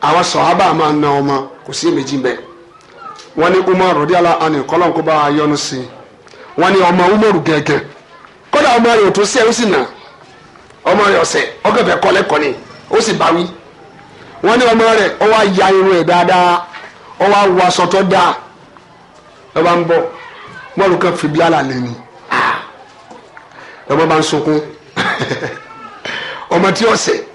àwọn sọ̀hábà máa na ọmọ kò sí èméjì bẹ́ẹ̀ wọ́n ní Umar rọ̀díàlá àná kọ́lọ́n a yọnu sí i wọ́n ní ọmọ Umaru gẹ́gẹ́ kódà ọmọ rẹ̀ ò tó sí ẹ̀ ó sì nà ọmọ rẹ̀ ọ̀sẹ̀ ọgẹ̀fẹ̀ ni ó sì bá irun ẹ̀ dáadáa aṣọ tó dáa ẹ bá ń kan fi ni ah! ọmọ bá ń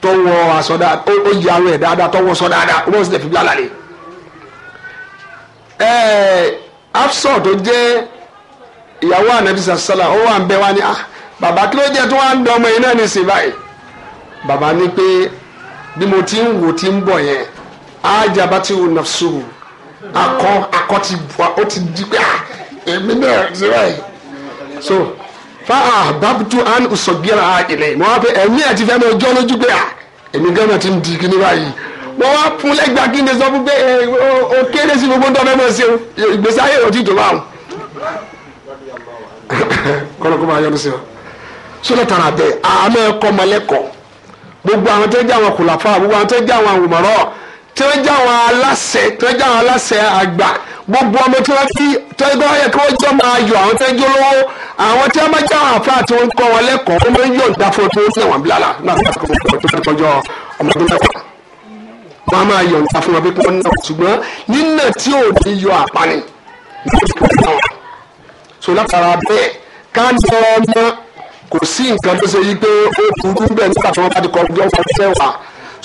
tọwọ aṣọ dáadáa ó yí awọ ẹ dáadáa tọwọ sọ dáadáa ó bọ́ sí ẹ̀fígbá lálẹ́. ẹ̀ẹ́ Afsọ tó jẹ́ ìyàwó ànábi sàṣàlà ó wà ń bẹ wá ní ah bàbá kí ló jẹ́ tó wà ń dán ọmọ yìí náà ní sìn báyìí. bàbá ní pé bí mo ti ń wò ti ń bọ̀ yẹn ájà bá ti wù nàfṣù akọ akọ ti bọ̀ ó ti di pé ah èmi náà ṣe báyìí fa ahbabtu an usogira ilẹ̀ mo wá pé ẹ̀mí àti fẹ́ mi ọjọ́ lójú pé à ah, èmi gánà ti ń di kíní báyìí mo wá fún lẹ́gbàá kí n lè sọ fún pé eh, o kéré sí gbogbo ńdọ́ mẹ́mọ́ sí o ìgbésí ayé òtí tó báwọn. kọ́nà kó máa yọnu sí ọ. sọ́dọ̀ tàrà bẹ́ẹ̀ àmọ́ ẹ̀kọ́ mọ́lẹ́kọ̀ọ́ gbogbo àwọn tó ń jẹ́ àwọn kùlàfà gbogbo àwọn tó ń jẹ́ àwọn àwòmọ̀rọ̀ tí wọ́n jẹ́ àwọn aláṣẹ tí wọ́n jẹ́ àwọn aláṣẹ àgbà gbogbo ọmọ tí wọ́n fi kí wọ́n jọ máa yọ àwọn tí wọ́n jẹ́ olówó àwọn tí wọ́n bá já àwọn àfáà tí wọ́n ń kọ́ wọn lẹ́kọ̀ọ́ wọ́n máa ń yọ̀ǹda fún tí wọ́n sẹ̀wọ̀n bílà náà tọ́jọ́ ọmọdún mẹ́wàá wọ́n á máa yọ̀ǹda fún wọn bí wọ́n náà ṣùgbọ́n nínà tí ò ní yọ àpáni so látara bẹ́ẹ̀ ká lọ ọmọ kò sí nǹkan tó ṣe yí pé ó burú bẹ́ẹ̀ nígbà tí wọ́n bá ti kọ́ ọdún ọ̀sán sẹ́wàá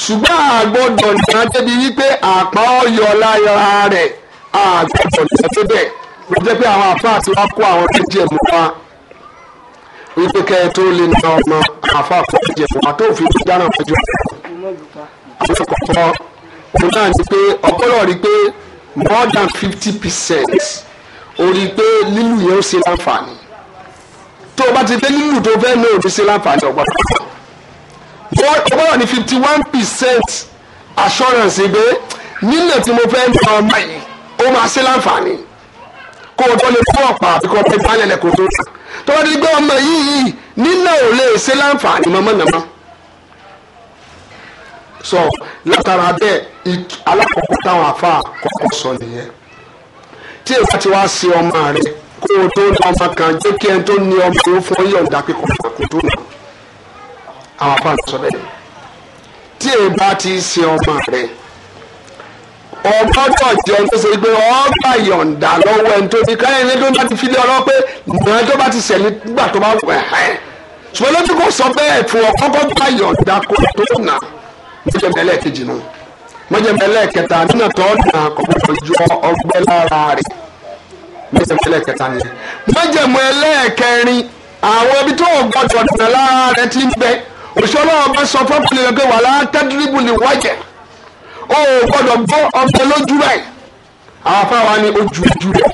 ṣùgbọ́n àgbọ̀dọ̀ nìkan débi wípé àpá ọ̀yọ́ lára rẹ̀ àgbọ̀dọ̀ nìkan tó bẹ̀ ló pé àwọn àfáà ti wá kó àwọn méjì ẹ̀mú wa ife kẹ tó lè na ọmọ àfa àfọwọ́jẹ wà tó fi dáná fẹjọ. àwọn kọ̀ọ̀kọ́ òun náà ni pé ọ̀pọ̀lọ̀ rí pé more than fifty percent ó rí pé lílù yẹn ó ṣe láǹfààní tó o bá ti fẹ́ lílù tó fẹ́ náà ò ní ṣe láǹfààní ọ̀gbọ́dọ̀. ọ̀pọ̀lọ̀ ni fifty one percent assurance pé nílẹ̀ tí mo fẹ́ na ọmọ yìí ó máa ṣe láǹfààní kó o tó lè fún ọ̀pá àbíkọ́ pé bá lẹ̀lẹ̀ kó tó tà tó bá ti gbé ọmọ yìí nínà ò lè ṣe láǹfààní mọ́mọ́nàmọ́ sọ látara bẹ́ẹ̀ alákọ̀ọ́kọ́ táwọn afa kọ́kọ́ sọ nìyẹn tí èèyàn ti wá sí ọmọ rẹ kó o tó ní ọmọ kan jẹ́ kí ẹni tó ní ọmọ tó fún yọ̀ǹda pípọ̀ kó tó nà àwọn afa sọ bẹ́ẹ̀ tí èèyàn bá ti sí ọmọ rẹ ọgbọ́dọ̀ jẹ́ ohun tó ṣe pé ọba yọ̀ǹda lọ́wọ́ ẹni tó ti káyọ̀ ní tó bá ti fi lé ọlọ́ pé ìran tó bá ti ṣẹ̀ nígbà tó bá wẹ̀ ẹ́ ṣùgbọ́n lójú kò sọ bẹ́ẹ̀ fún ọ kọ́kọ́ bá yọ̀ǹda kó tó nà mọ́jẹ̀mẹ́lẹ̀ kejì nù mọ́jẹ̀mẹ́lẹ̀ kẹta nínà tó nà kọ́kọ́ jọ ọgbẹ́ lára rẹ̀ mọ́jẹ̀mẹ́lẹ̀ kẹta yẹn mọ́jẹ̀mẹ́lẹ̀ kẹrin àwọn ibi tó gbọdọ̀ nà lára rẹ̀ ti ń bẹ òṣèlú ọba sọ fọ́pìlì rẹ̀ pé wàhálà tẹ́tírìbù ni wájẹ̀ o ò gbọ́dọ̀ bọ́ ọ̀fẹ́ lójú rẹ̀ àwọn afáwa ni ojú ojú rẹ̀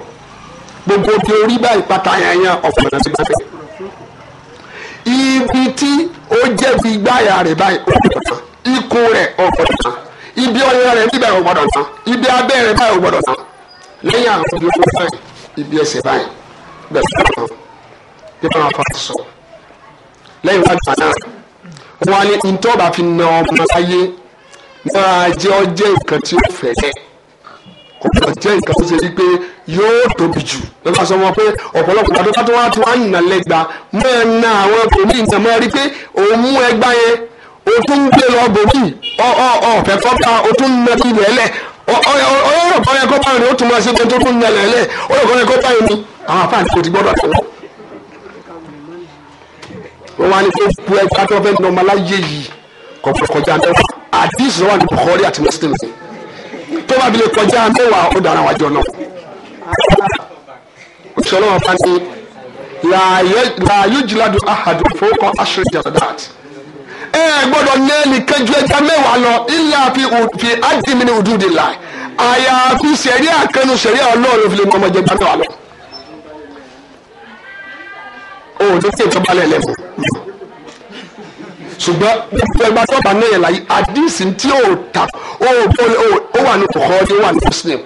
gbogbo tí orí báyìí pátá yẹn yẹn náà ti bá bẹ̀. ibi tí ó jẹ́ fi gbáyà rẹ̀ báyìí ọ̀fẹ́ náà ikùn rẹ̀ ọ̀fẹ́ náà ibi ọyẹ rẹ̀ níbẹ̀ ò gbọ́dọ̀ tán ibi abẹ́ rẹ̀ báyìí ò gbọ́dọ̀ tán lẹ́yìn àwọn ibi owó báyìí ibi ẹsẹ̀ báyìí bẹ̀rẹ̀ fún wọn bí wọn afa sọ lẹ́yìn wọn àgbà wọn ni ntọ́ba fi na ọmọ ayé máa jẹ́ ọ jẹ́ nǹkan tí ó fẹ̀lẹ́ kò gbọ́dọ̀ jẹ́ nǹkan tó ṣe ní pé yóò tóbi jù lọ́dọ̀ sọ wọn pé ọ̀pọ̀lọpọ̀ àdó bá tó wá tó wá yìnà lẹ́gba máa na àwọn ẹgbẹ̀mí ìyẹn máa rí pé òun mú ẹgbá yẹn o tún ń gbé lọ bòmí ọ ọ ọ fẹ̀fọ́ bá o tún ń nà bí lẹ́lẹ̀ ọ̀rọ̀ kan yẹ kó báyìí ni ó tún máa ṣe pé tó tún ń nà lẹ́lẹ̀ ọ̀rọ̀ kan yẹ kó báyìí ni àwọn afáàní kò ti gbọ́dọ̀ àtọwọ́ wọ́n wá ní kó kú ẹgbẹ́ tó fẹ́ nọmọ aláyé yìí kọ̀ọ̀kọ̀jà mẹ́fà àdìsí ló wà ní Bukhari àti Muslim tó bá bilẹ̀ kọjá mẹ́wàá ó dára wájú ọ̀nà òṣèlú wọn bá ní làyé jùlọdù ahadu fowókọ aṣọ jẹrọdát ẹ gbọ́dọ̀ ní ẹnìkan ju ẹja mẹ́wàá lọ ilé àfi òfi àdìmí ni òdúdì là àyàfi sẹ̀rí àkànnù sẹ̀rí ọlọ́run fi lè mọ ọmọdé gbàmẹ́wàá lọ. òòdó tí ètò balẹ̀ lẹ́fọ̀ọ́ ṣùgbọ́n gbogbo ẹgbẹ́ sọ́ọ̀bà náà yẹn láyé àdìsí tí ó ta ó wà ní kòkó ó wà ní muslim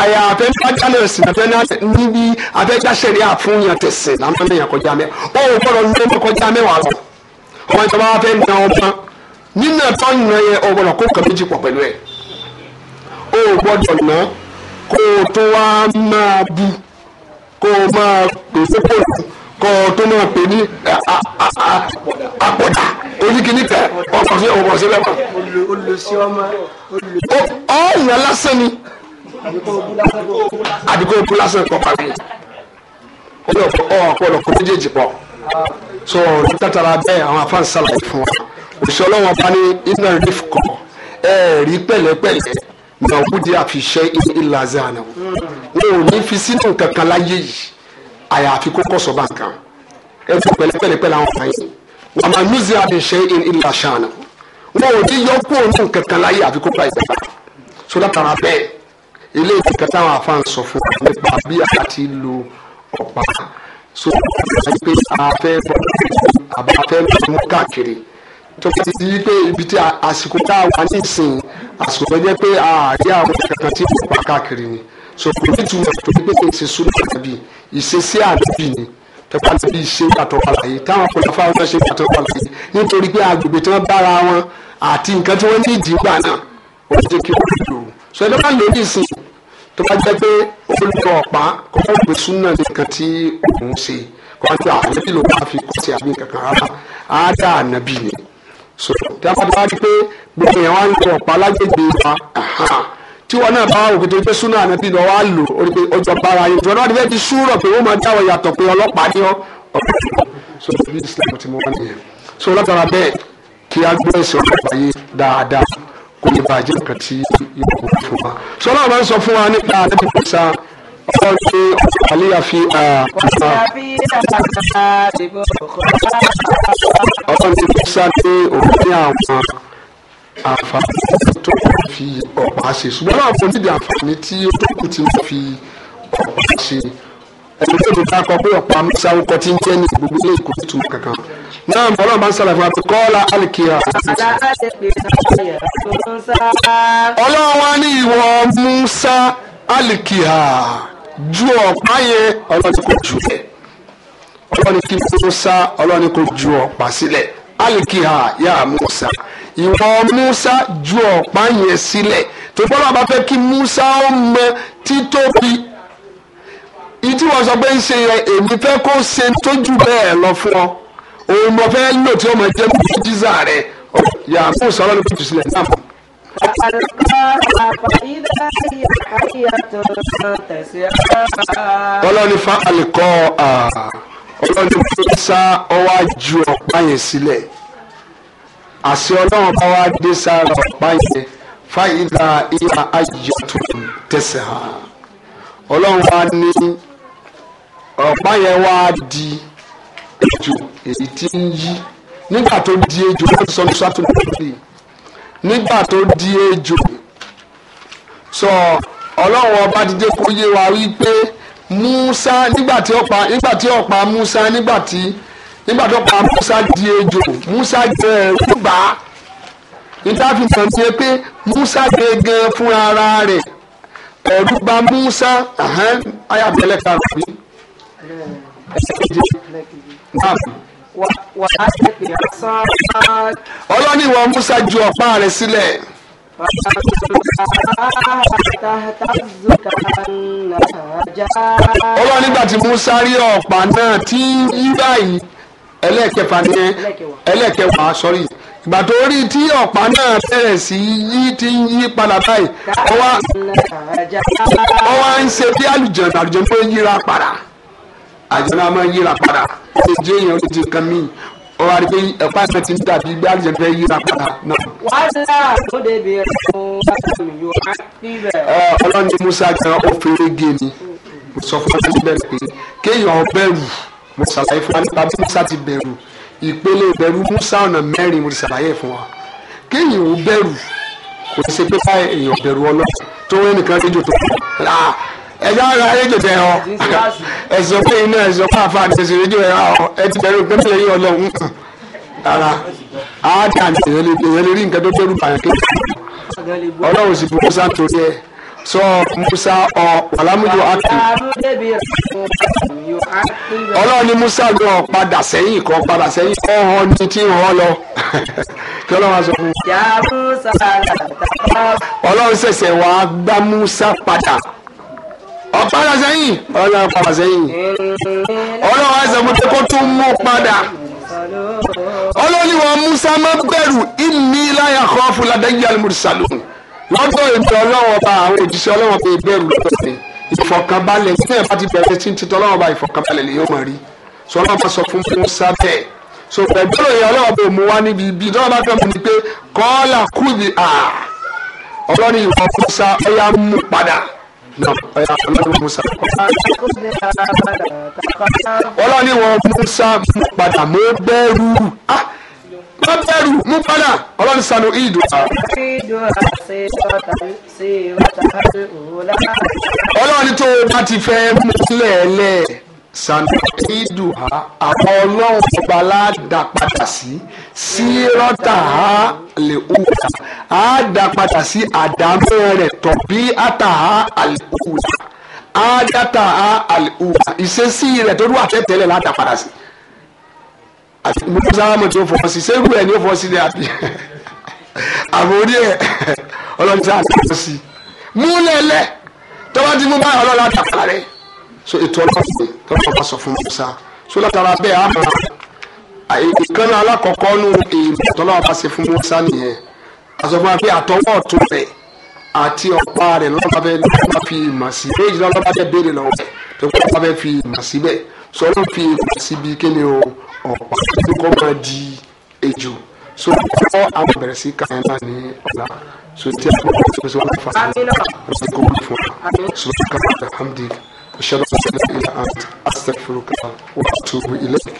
àyà àfẹ́fájà náà sì àfẹ́ náà níbi àfẹ́jà ṣẹ̀rí àfúnyàn tẹ̀sìn láwọn èèyàn kọjá mẹ́ ó gbọ́dọ̀ ní ọmọ kọjá mẹ́wàá lọ ọmọ ìjọba wa fẹ́ na ọmọ nínú ẹ̀fọ́ ìran yẹn ó gbọ́dọ̀ kó kàn méjì pọ̀ pẹ̀lú ẹ̀ ó gbọ́dọ̀ ná kó o tó wá máa bu kó o máa pèsè pòlù kó o tó máa pè ní àpọ̀dà oníkìní tẹ ọkọ̀ sí ọmọ sí bẹ́ẹ̀ mọ́. ọ yàn lásán ni àdìgbò òkú lásán kọ pàdé ọ ọpọlọ kò méjèèjì pọ so nítatara bẹ́ẹ̀ àwọn afáàn sàlàyé fún wa òṣìṣẹ́ ọlọ́wọ́n bá ní iná relief kọ ẹ rí pẹ̀lẹ́pẹ̀lẹ́ náà kú di àfiṣẹ́ ìlà zan wọn ò ní fi sínú kankan láyé yìí àyàfi kó kọ̀ sọ́ba nǹkan ẹ fún pẹ̀lẹ́pẹ̀lẹ́ pẹ̀lẹ́ àwọn kan yìí wà máa nùzí àbẹ̀ṣẹ́ ìlà ṣàánà wọn ò ní yọ kó òun kankan láyé àfi kó pa ìjọba so látara bẹ́ẹ̀ ilé ìtìkà táwọn afáàn sọ fún wa nípa bí a ti lo ọ̀pá so wọ́n pé a fẹ́ bọ́ àbá fẹ́ mú káàkiri tó bá ti di pé ibi tí àsìkò tá a wà ní ìsìn àsìkò tó jẹ́ pé a rí àwọn kankan tí kò pa káàkiri ni so kò ní ìtumọ̀ tó ní pé kò ṣe súnmọ́ àbí ìṣesí àbí ni ẹ̀kọ́ àti bí ṣe pàtó pàlàyé táwọn kò lọ́fà wọn ṣe pàtó pàlàyé nítorí pé agbègbè tí wọ́n bára wọn àti nǹkan tí wọ́n ní ìdìgbà náà ó jẹ́ kí wọ́n lò ó. sọ ẹni bá lò ní ìsìn tó bá jẹ́ pé olùkọ́ ọ̀pá kó fẹ́ gbé súnà nìkan tí òun ṣe kó wá sí ànábì ló máa fi kọ́ sí àbí kankan rárá á dá ànábì ni. sọ tí a bá ti wá rí pé gbogbo èèyàn wá ń lọ ọ̀pá lágbègbè wa tí wọn náà bá wò pé torí pé súnà ànábì lọ wá lò ó rí pé ó jọ bára yẹn ìjọba náà ti ti súrọ̀ pé wọ́n máa dáwọ̀ yàtọ̀ pé ọlọ́pàá ni ọ́ so bí islam ti mú wọn nìyẹn so látara bẹ́ẹ̀ kí á gbọ́ ẹ̀sìn ọlọ́pàá yìí dáadáa kò ní bàjẹ́ nǹkan tí yóò kó fún wa so ọlọ́run máa ń sọ fún wa nípa ànábì kọ́sà ọkọ ní àlíyà fi ọ̀sà ọkọ ní kọ́sà ní òkú ní àwọn àǹfààní tó kù fi ọ̀pá ṣe ṣùgbọ́n láwọn kò nídìí àǹfààní tí ó tó kù tí wọ́n fi ọ̀pá ṣe ẹni tó dùn dákọ pé ọ̀pá mẹ́sà ọkọ̀ tí ń jẹ́ ní gbogbo ilé ìkó tuntun kankan náà bọ́lá bá ń sàlàyé fún wa pé kọ́lá alikiya. ọlọ́run wa ní ìwọ Musa alikiya ju ọ̀pá yẹn ọlọ́run kò jù lẹ̀ ọlọ́run kí Musa ọlọ́run kò ju ọ̀pá sílẹ̀ alikiya yà Musa ìwọ Musa ju ọ̀pá yẹn sílẹ̀ tó gbọ́dọ̀ bá fẹ́ kí Musa ó mọ títóbi ìtí wọ́n sọ pé ń ṣe yẹn èmi fẹ́ kó ṣe tó bẹ́ẹ̀ lọ fún ọ òun mo fẹ́ lò tí ó mọ jẹ́ jíza rẹ̀ yà Musa ọlọ́ni kò jù sílẹ̀ náà. ọlọ́ni fa àlùkò ọlọ́ni Musa ọwọ́ ju ọ̀pá yẹn sílẹ̀ àṣẹ ọlọ́run bá wá dé sára ọ̀pá yẹn fáyìlà ìyá ayọ̀tò tẹ̀sẹ̀ hàn ọlọ́run wá ní ọ̀pá yẹn wá di ejò èyí tí ń yí nígbà tó di ejò ló sọ ní sọ́tún lórí nígbà tó di ejò sọ ọlọ́run ọba dídé kó yé wa wípé Musa nígbà tí ọ̀pá nígbà tí ọ̀pá Musa nígbà tí. Ọ̀pá, nígbà tó pa Musa di ejò Musa jẹ ẹrú gbà á níta fi mọ̀ sí pé Musa gẹ́gẹ́ fún ara rẹ̀ ẹ̀rú bà Musa ayàbẹ̀lẹ̀ kan rí ọlọ́ni ìwọ Musa ju ọ̀pá rẹ̀ sílẹ̀. ọlọ́ni nígbà Musa rí ọ̀pá náà tí ń yí ẹlẹ́ẹ̀kẹfà ní ẹlẹ́ẹ̀kẹwàá sọ́rí ìgbà tó rí tí ọ̀pá náà bẹ̀rẹ̀ sí yí ti ń yí padà báyìí wọ́n wá ń ṣe bí àlùjọ̀nà àlùjọ̀nà tó ń yíra padà àjọ̀nà máa ń yíra padà ó ti jẹ́ èèyàn ó ti kan míì ó wá rí pé ẹ̀pá ìfẹ́ ti ń dàbí bí àlùjọ̀nà fẹ́ yíra padà náà. wàhálà tó débi rẹ̀ fún àtàlùyò àti bẹ̀rẹ̀. ọlọ́run ní Musa kan ó fèrè gé ni sọ fún ọ mo ṣàlàyé fún wa nípa bí Musa ti bẹ̀rù ìpele ìbẹ̀rù Musa ọ̀nà mẹ́rin mo ti ṣàlàyé fún wa kéèyàn ò bẹ̀rù kò ní ṣe pé ká èèyàn bẹ̀rù ọlọ́run tó wẹ́ nìkan ṣe jò tó kù ẹjọ́ ara rédíò tẹ ọ ẹ̀sọ́ pé iná ẹ̀sọ́ pé àfa àti ẹ̀sọ́ rédíò ẹ ti bẹ̀rù pé tẹ̀lé ọlọ́run rárá àádá àti ìrẹ́lẹ̀ rí nǹkan tó bẹ̀rù bàyàn kéèyàn ọlọ́run sì bu Musa torí ẹ̀ So musa ọ uh, alamudu aki ọlọ́run ni musa gan padà sẹ́yìn kan padà sẹ́yìn kan hàn ní tí hàn lọ kí ọlọ́run á sọ fún un. ọlọ́run ṣẹ̀ṣẹ̀ wá gbá musa padà ọ̀padà sẹ́yìn ọlọ́run padà sẹ́yìn ọlọ́run á sọ fún un kó tún mú padà ọlọ́run ni wọn musa má bẹ̀rù ìmí láyà kọ́ fún ladẹ́yìn alimusalun lọ́dọ̀ ètò ọlọ́wọ́ bá àwọn òjíṣẹ́ ọlọ́wọ́ bá ìbẹ̀rù lọ́dọ̀ ìfọ̀kànbalẹ̀ tí ẹ̀ bá ti bẹ̀rẹ̀ sí ti bá ìfọ̀kànbalẹ̀ lè yóò mọ̀ rí sọ ọlọ́wọ́ bá sọ fún Mùsá bẹ́ẹ̀ so pẹ̀lú ìyá ọlọ́wọ́ bá mú wá níbi ibi ìjọba bá fẹ́ mu ni pé kọ́ọ́là kùdì à ọlọ́ni ìwọ Mùsá ọ̀yà mú padà ọlọ́ni ìwọ Mùsá mú padà mọ́ bẹ́ẹ̀rù ah! má bẹ̀rù mú padà ọlọ́run sanu ìdùnnà. ọlọ́run tó o bá ti fẹ́ mú lẹ́ẹ̀lẹ́ sanu ìdùnnà àwọn ọlọ́run ọba aládà padà sí sírọ́tà á lè hùwà á dà padà sí àdámọ́ rẹ̀ tọ̀bí àtà á lè hùwà á dàtà á lè hùwà ìṣesí rẹ̀ tó dùn àtẹ̀tẹ̀lẹ̀ ládà padà sí àti mo fún sálámù tí ó fọwọ́ sí sẹ́rù ẹ̀ ní ó fọwọ́ sí ní àbí àbórí ẹ̀ ọlọ́run sáà ti fọwọ́ sí mú lẹ́lẹ́ tọ́wọ́ ti mú báyọ̀ ọlọ́run àti àpá rẹ̀ so ètò ọlọ́run tọ́wọ́ bá sọ fún Musa so látara bẹ́ẹ̀ á mọ̀ ìkan náà alákọ̀ọ́kọ́ nù èèmọ̀ tọ́lọ́wọ́ bá ṣe fún Musa nìyẹn àsọfún wa pé àtọwọ́ ọ̀tún rẹ̀ àti ọ̀pá rẹ̀ lọ́ba bẹ́ẹ̀ lọ́ba fi ìmọ̀ sí méjì lọ́ba bẹ́ẹ̀ béèrè lọ́wọ́ bẹ́ẹ̀ tó kọ́ lọ́ba bẹ́ẹ̀ fi ìmọ̀ síbẹ̀ sọ ló fi ìmọ̀ síbi kí ni o ọ̀pá tí máa di ejò so kọ́ àwọn bẹ̀rẹ̀ sí kàn náà ní ọ̀la so tí a kọ́ fún ṣe fà á rẹ̀ kó wọ́n fún wa so wọ́n kà á alhamdulilayi ṣẹlẹ̀ ṣẹlẹ̀ ilẹ̀ àti astagfirullah wa atubu ilayk.